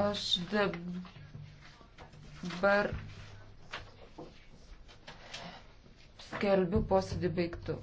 Aš dabar skelbiu posėdį baigtų.